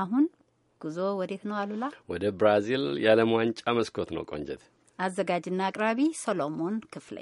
አሁን ጉዞ ወዴት ነው አሉላ? ወደ ብራዚል የዓለም ዋንጫ መስኮት ነው ቆንጀት። አዘጋጅና አቅራቢ ሰሎሞን ክፍሌ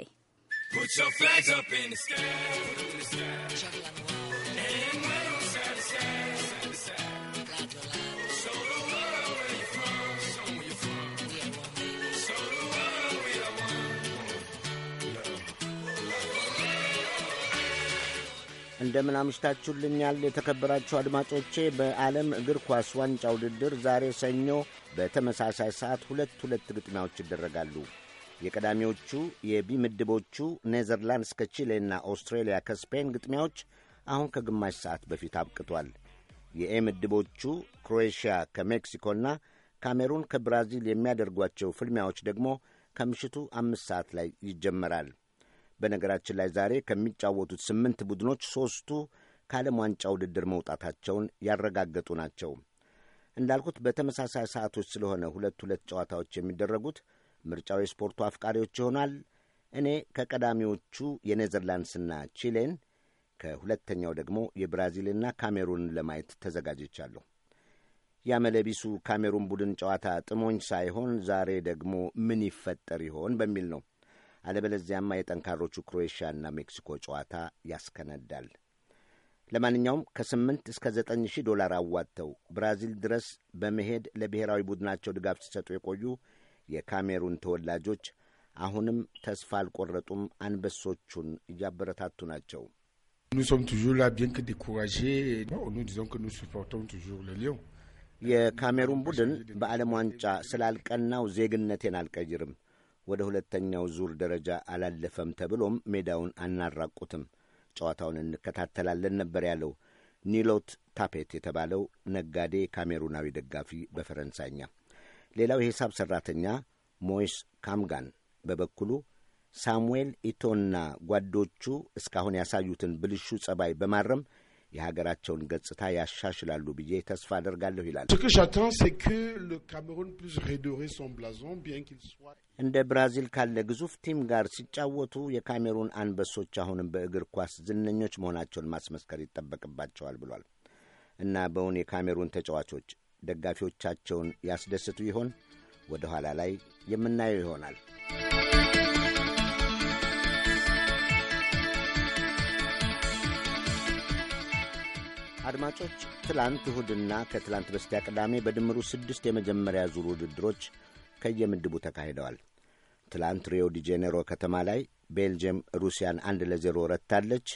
እንደምን አምሽታችሁልኛል የተከበራችሁ አድማጮቼ። በዓለም እግር ኳስ ዋንጫ ውድድር ዛሬ ሰኞ በተመሳሳይ ሰዓት ሁለት ሁለት ግጥሚያዎች ይደረጋሉ። የቀዳሚዎቹ የቢ ምድቦቹ ኔዘርላንድስ ከቺሌና ኦስትሬሊያ ከስፔን ግጥሚያዎች አሁን ከግማሽ ሰዓት በፊት አብቅቷል። የኤ ምድቦቹ ክሮኤሽያ ከሜክሲኮና ካሜሩን ከብራዚል የሚያደርጓቸው ፍልሚያዎች ደግሞ ከምሽቱ አምስት ሰዓት ላይ ይጀመራል። በነገራችን ላይ ዛሬ ከሚጫወቱት ስምንት ቡድኖች ሦስቱ ከዓለም ዋንጫ ውድድር መውጣታቸውን ያረጋገጡ ናቸው። እንዳልኩት በተመሳሳይ ሰዓቶች ስለሆነ ሁለት ሁለት ጨዋታዎች የሚደረጉት ምርጫው የስፖርቱ አፍቃሪዎች ይሆናል። እኔ ከቀዳሚዎቹ የኔዘርላንድስና ቺሌን ከሁለተኛው ደግሞ የብራዚልና ካሜሩን ለማየት ተዘጋጅቻለሁ። ያመለቢሱ ካሜሩን ቡድን ጨዋታ ጥሞኝ ሳይሆን ዛሬ ደግሞ ምን ይፈጠር ይሆን በሚል ነው። አለበለዚያማ የጠንካሮቹ ክሮኤሽያና ሜክሲኮ ጨዋታ ያስከነዳል። ለማንኛውም ከስምንት እስከ ዘጠኝ ሺህ ዶላር አዋጥተው ብራዚል ድረስ በመሄድ ለብሔራዊ ቡድናቸው ድጋፍ ሲሰጡ የቆዩ የካሜሩን ተወላጆች አሁንም ተስፋ አልቆረጡም፣ አንበሶቹን እያበረታቱ ናቸው። የካሜሩን ቡድን በዓለም ዋንጫ ስላልቀናው ዜግነቴን አልቀይርም ወደ ሁለተኛው ዙር ደረጃ አላለፈም ተብሎም ሜዳውን አናራቁትም፣ ጨዋታውን እንከታተላለን ነበር ያለው ኒሎት ታፔት የተባለው ነጋዴ ካሜሩናዊ ደጋፊ በፈረንሳይኛ። ሌላው የሂሳብ ሠራተኛ ሞይስ ካምጋን በበኩሉ ሳሙኤል ኢቶና ጓዶቹ እስካሁን ያሳዩትን ብልሹ ጸባይ በማረም የሀገራቸውን ገጽታ ያሻሽላሉ ብዬ ተስፋ አደርጋለሁ ይላል። እንደ ብራዚል ካለ ግዙፍ ቲም ጋር ሲጫወቱ የካሜሩን አንበሶች አሁንም በእግር ኳስ ዝነኞች መሆናቸውን ማስመስከር ይጠበቅባቸዋል ብሏል። እና በውን የካሜሩን ተጫዋቾች ደጋፊዎቻቸውን ያስደስቱ ይሆን? ወደ ኋላ ላይ የምናየው ይሆናል። አድማጮች ትላንት እሁድና ከትላንት በስቲያ ቅዳሜ በድምሩ ስድስት የመጀመሪያ ዙር ውድድሮች ከየምድቡ ተካሂደዋል። ትላንት ሪዮ ዲ ጄኔሮ ከተማ ላይ ቤልጅየም ሩሲያን አንድ ለዜሮ ረታለች።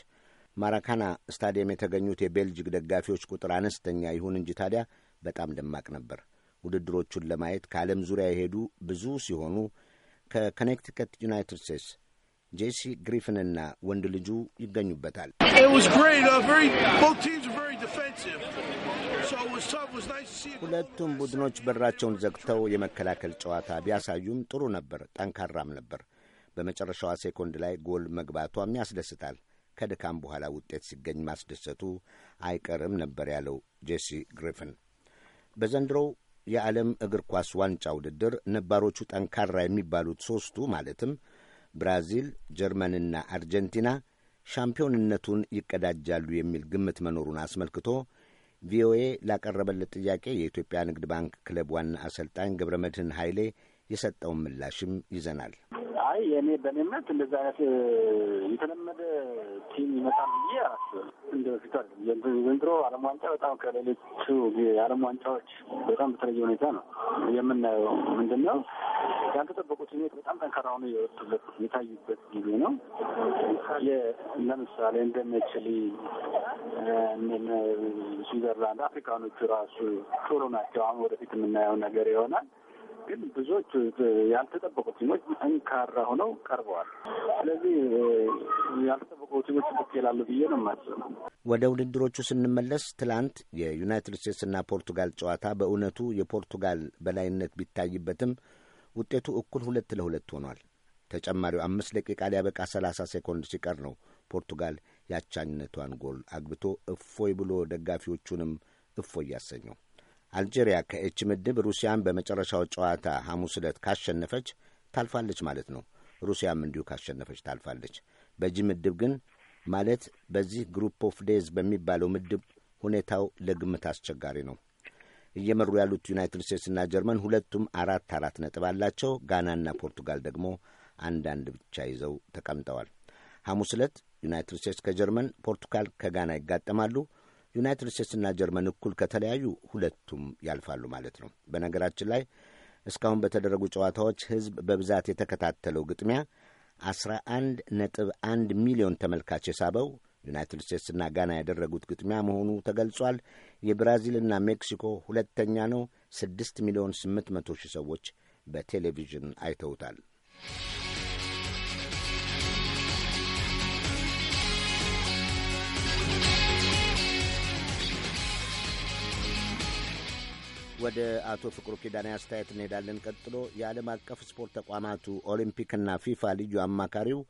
ማራካና ስታዲየም የተገኙት የቤልጅግ ደጋፊዎች ቁጥር አነስተኛ ይሁን እንጂ ታዲያ በጣም ደማቅ ነበር። ውድድሮቹን ለማየት ከዓለም ዙሪያ የሄዱ ብዙ ሲሆኑ ከኮኔክቲከት ዩናይትድ ስቴትስ ጄሲ ግሪፍንና ወንድ ልጁ ይገኙበታል። uh, ሁለቱም ቡድኖች በራቸውን ዘግተው የመከላከል ጨዋታ ቢያሳዩም ጥሩ ነበር፣ ጠንካራም ነበር። በመጨረሻዋ ሴኮንድ ላይ ጎል መግባቷም ያስደስታል። ከድካም በኋላ ውጤት ሲገኝ ማስደሰቱ አይቀርም ነበር ያለው ጄሲ ግሪፍን። በዘንድሮው የዓለም እግር ኳስ ዋንጫ ውድድር ነባሮቹ ጠንካራ የሚባሉት ሦስቱ ማለትም ብራዚል፣ ጀርመንና አርጀንቲና ሻምፒዮንነቱን ይቀዳጃሉ የሚል ግምት መኖሩን አስመልክቶ ቪኦኤ ላቀረበለት ጥያቄ የኢትዮጵያ ንግድ ባንክ ክለብ ዋና አሰልጣኝ ገብረ መድህን ኃይሌ የሰጠውን ምላሽም ይዘናል። አይ እኔ በእኔ እምነት እንደዚህ አይነት የተለመደ ቲም ይመጣል ብዬ አላስብም። እንደ በፊቱ ዘንድሮ ዓለም ዋንጫ በጣም ከሌሎቹ የዓለም ዋንጫዎች በጣም በተለየ ሁኔታ ነው የምናየው። ምንድን ነው ያልተጠበቁት ስሜት በጣም ጠንካራ ሆነ የወጡበት የታዩበት ጊዜ ነው። ለምሳሌ እንደ መችሊ ስዊዘርላንድ አፍሪካኖቹ ራሱ ጥሩ ናቸው። አሁን ወደፊት የምናየው ነገር ይሆናል። ግን ብዙዎቹ ያልተጠበቁ ቲሞች ጠንካራ ሆነው ቀርበዋል። ስለዚህ ያልተጠበቁ ቲሞች ይላሉ ብዬ ነው የማስበው። ወደ ውድድሮቹ ስንመለስ ትላንት የዩናይትድ ስቴትስና ፖርቱጋል ጨዋታ በእውነቱ የፖርቱጋል በላይነት ቢታይበትም ውጤቱ እኩል ሁለት ለሁለት ሆኗል። ተጨማሪው አምስት ደቂቃ ሊያበቃ 30 ሴኮንድ ሲቀር ነው ፖርቱጋል ያቻኝነቷን ጎል አግብቶ እፎይ ብሎ ደጋፊዎቹንም እፎይ ያሰኘው። አልጄሪያ ከኤች ምድብ ሩሲያን በመጨረሻው ጨዋታ ሐሙስ ዕለት ካሸነፈች ታልፋለች ማለት ነው። ሩሲያም እንዲሁ ካሸነፈች ታልፋለች። በጂ ምድብ ግን ማለት በዚህ ግሩፕ ኦፍ ዴዝ በሚባለው ምድብ ሁኔታው ለግምት አስቸጋሪ ነው። እየመሩ ያሉት ዩናይትድ ስቴትስና ጀርመን ሁለቱም አራት አራት ነጥብ አላቸው። ጋናና ፖርቱጋል ደግሞ አንዳንድ ብቻ ይዘው ተቀምጠዋል። ሐሙስ ዕለት ዩናይትድ ስቴትስ ከጀርመን፣ ፖርቱጋል ከጋና ይጋጠማሉ። ዩናይትድ ስቴትስና ጀርመን እኩል ከተለያዩ ሁለቱም ያልፋሉ ማለት ነው። በነገራችን ላይ እስካሁን በተደረጉ ጨዋታዎች ሕዝብ በብዛት የተከታተለው ግጥሚያ 11 ነጥብ 1 ሚሊዮን ተመልካች የሳበው ዩናይትድ ስቴትስና ጋና ያደረጉት ግጥሚያ መሆኑ ተገልጿል። የብራዚልና ሜክሲኮ ሁለተኛ ነው። ስድስት ሚሊዮን ስምንት መቶ ሺህ ሰዎች በቴሌቪዥን አይተውታል። ወደ አቶ ፍቅሩ ኪዳኔ አስተያየት እንሄዳለን። ቀጥሎ የዓለም አቀፍ ስፖርት ተቋማቱ ኦሊምፒክና ፊፋ ልዩ አማካሪው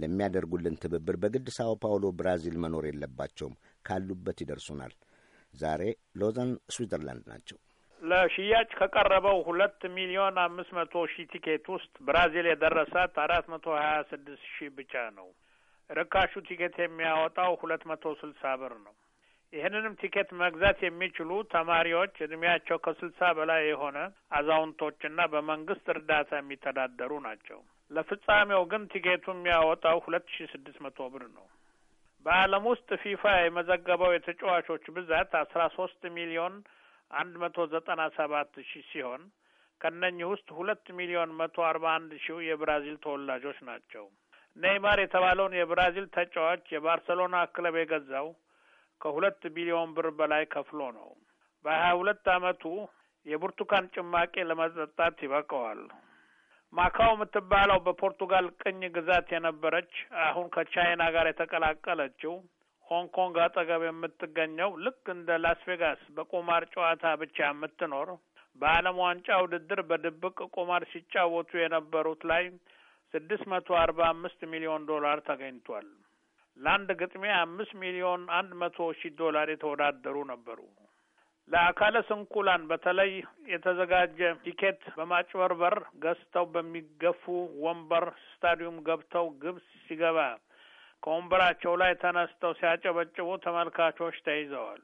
ለሚያደርጉልን ትብብር በግድ ሳኦ ፓውሎ ብራዚል መኖር የለባቸውም፣ ካሉበት ይደርሱናል። ዛሬ ሎዛን ስዊዘርላንድ ናቸው። ለሽያጭ ከቀረበው ሁለት ሚሊዮን አምስት መቶ ሺህ ቲኬት ውስጥ ብራዚል የደረሳት አራት መቶ ሀያ ስድስት ሺህ ብቻ ነው። ርካሹ ቲኬት የሚያወጣው ሁለት መቶ ስልሳ ብር ነው። ይህንንም ቲኬት መግዛት የሚችሉ ተማሪዎች፣ እድሜያቸው ከስልሳ በላይ የሆነ አዛውንቶችና በመንግስት እርዳታ የሚተዳደሩ ናቸው። ለፍጻሜው ግን ቲኬቱ የሚያወጣው ሁለት ሺ ስድስት መቶ ብር ነው። በዓለም ውስጥ ፊፋ የመዘገበው የተጫዋቾች ብዛት አስራ ሶስት ሚሊዮን አንድ መቶ ዘጠና ሰባት ሺህ ሲሆን ከነኚህ ውስጥ ሁለት ሚሊዮን መቶ አርባ አንድ ሺው የብራዚል ተወላጆች ናቸው። ኔይማር የተባለውን የብራዚል ተጫዋች የባርሰሎና ክለብ የገዛው ከሁለት ቢሊዮን ብር በላይ ከፍሎ ነው። በሀያ ሁለት አመቱ የብርቱካን ጭማቂ ለመጠጣት ይበቀዋል። ማካው የምትባለው በፖርቱጋል ቅኝ ግዛት የነበረች አሁን ከቻይና ጋር የተቀላቀለችው ሆንግ ኮንግ አጠገብ የምትገኘው ልክ እንደ ላስ ቬጋስ በቁማር ጨዋታ ብቻ የምትኖር በዓለም ዋንጫ ውድድር በድብቅ ቁማር ሲጫወቱ የነበሩት ላይ ስድስት መቶ አርባ አምስት ሚሊዮን ዶላር ተገኝቷል። ለአንድ ግጥሚያ አምስት ሚሊዮን አንድ መቶ ሺህ ዶላር የተወዳደሩ ነበሩ። ለአካለ ስንኩላን በተለይ የተዘጋጀ ቲኬት በማጭበርበር ገዝተው በሚገፉ ወንበር ስታዲየም ገብተው ግብጽ ሲገባ ከወንበራቸው ላይ ተነስተው ሲያጨበጭቡ ተመልካቾች ተይዘዋል።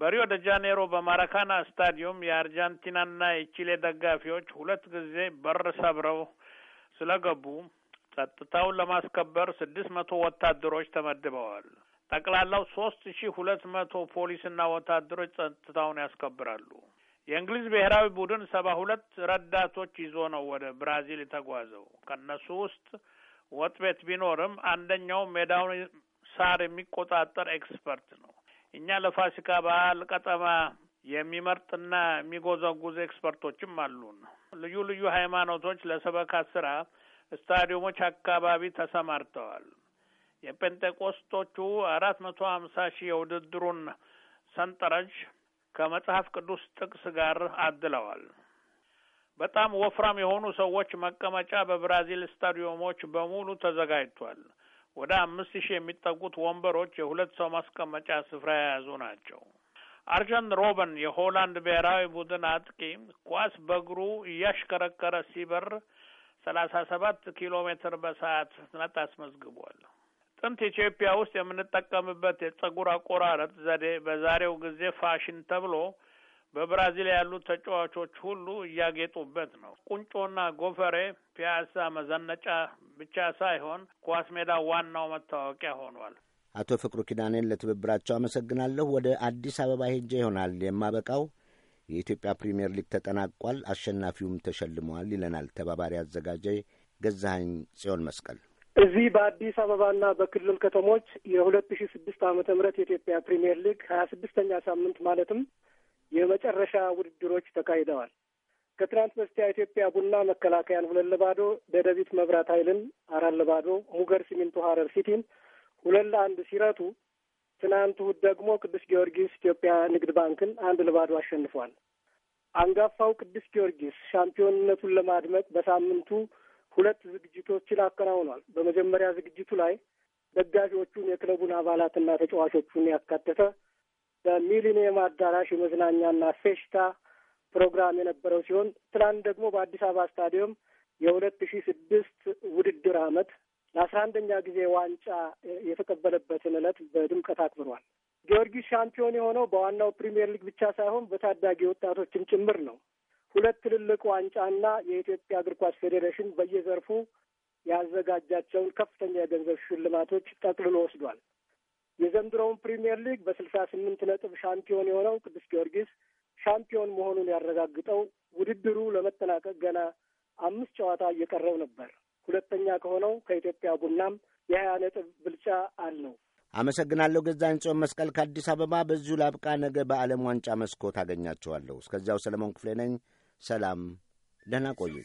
በሪዮ ደ ጃኔሮ በማራካና ስታዲየም የአርጀንቲናና የቺሌ ደጋፊዎች ሁለት ጊዜ በር ሰብረው ስለገቡ ጸጥታውን ለማስከበር ስድስት መቶ ወታደሮች ተመድበዋል። ጠቅላላው ሶስት ሺ ሁለት መቶ ፖሊስና ወታደሮች ጸጥታውን ያስከብራሉ። የእንግሊዝ ብሔራዊ ቡድን ሰባ ሁለት ረዳቶች ይዞ ነው ወደ ብራዚል የተጓዘው። ከእነሱ ውስጥ ወጥ ቤት ቢኖርም አንደኛው ሜዳውን ሳር የሚቆጣጠር ኤክስፐርት ነው። እኛ ለፋሲካ በዓል ቀጠማ የሚመርጥና የሚጎዘጉዝ ኤክስፐርቶችም አሉን። ልዩ ልዩ ሃይማኖቶች ለሰበካ ስራ ስታዲዮሞች አካባቢ ተሰማርተዋል። የጴንጤቆስቶቹ አራት መቶ ሀምሳ ሺህ የውድድሩን ሰንጠረዥ ከመጽሐፍ ቅዱስ ጥቅስ ጋር አድለዋል። በጣም ወፍራም የሆኑ ሰዎች መቀመጫ በብራዚል ስታዲዮሞች በሙሉ ተዘጋጅቷል። ወደ አምስት ሺህ የሚጠጉት ወንበሮች የሁለት ሰው ማስቀመጫ ስፍራ የያዙ ናቸው። አርጀን ሮበን የሆላንድ ብሔራዊ ቡድን አጥቂ ኳስ በእግሩ እያሽከረከረ ሲበር ሰላሳ ሰባት ኪሎ ሜትር በሰዓት ፍጥነት አስመዝግቧል። ጥንት ኢትዮጵያ ውስጥ የምንጠቀምበት የጸጉር አቆራረጥ ዘዴ በዛሬው ጊዜ ፋሽን ተብሎ በብራዚል ያሉት ተጫዋቾች ሁሉ እያጌጡበት ነው። ቁንጮና ጎፈሬ ፒያሳ መዘነጫ ብቻ ሳይሆን ኳስ ሜዳ ዋናው መታወቂያ ሆኗል። አቶ ፍቅሩ ኪዳኔን ለትብብራቸው አመሰግናለሁ። ወደ አዲስ አበባ ሄጄ ይሆናል የማበቃው። የኢትዮጵያ ፕሪምየር ሊግ ተጠናቋል፣ አሸናፊውም ተሸልሟል ይለናል ተባባሪ አዘጋጀ ገዛኸኝ ጽዮን መስቀል። እዚህ በአዲስ አበባና በክልል ከተሞች የሁለት ሺ ስድስት ዓመተ ምህረት የኢትዮጵያ ፕሪምየር ሊግ ሀያ ስድስተኛ ሳምንት ማለትም የመጨረሻ ውድድሮች ተካሂደዋል። ከትናንት በስቲያ ኢትዮጵያ ቡና መከላከያን ሁለት ለባዶ፣ ደደቢት መብራት ኃይልን አራት ለባዶ፣ ሙገር ሲሚንቶ ሀረር ሲቲን ሁለት ለአንድ ሲረቱ ትናንት እሑድ ደግሞ ቅዱስ ጊዮርጊስ ኢትዮጵያ ንግድ ባንክን አንድ ለባዶ አሸንፏል። አንጋፋው ቅዱስ ጊዮርጊስ ሻምፒዮንነቱን ለማድመቅ በሳምንቱ ሁለት ዝግጅቶችን አከናውኗል። በመጀመሪያ ዝግጅቱ ላይ ደጋፊዎቹን የክለቡን አባላትና ተጫዋቾቹን ያካተተ በሚሊኒየም አዳራሽ የመዝናኛና ፌሽታ ፕሮግራም የነበረው ሲሆን ትላንት ደግሞ በአዲስ አበባ ስታዲየም የሁለት ሺ ስድስት ውድድር ዓመት ለአስራ አንደኛ ጊዜ ዋንጫ የተቀበለበትን ዕለት በድምቀት አክብሯል። ጊዮርጊስ ሻምፒዮን የሆነው በዋናው ፕሪምየር ሊግ ብቻ ሳይሆን በታዳጊ ወጣቶችም ጭምር ነው። ሁለት ትልልቅ ዋንጫና የኢትዮጵያ እግር ኳስ ፌዴሬሽን በየዘርፉ ያዘጋጃቸውን ከፍተኛ የገንዘብ ሽልማቶች ጠቅልሎ ወስዷል። የዘንድሮውን ፕሪምየር ሊግ በስልሳ ስምንት ነጥብ ሻምፒዮን የሆነው ቅዱስ ጊዮርጊስ ሻምፒዮን መሆኑን ያረጋግጠው ውድድሩ ለመጠናቀቅ ገና አምስት ጨዋታ እየቀረው ነበር። ሁለተኛ ከሆነው ከኢትዮጵያ ቡናም የሀያ ነጥብ ብልጫ አለው። አመሰግናለሁ። ገዛኸኝ ጽዮን መስቀል ከአዲስ አበባ። በዚሁ ላብቃ። ነገ በዓለም ዋንጫ መስኮት አገኛቸዋለሁ። እስከዚያው ሰለሞን ክፍሌ ነኝ። ሰላም፣ ደህና ቆዩ።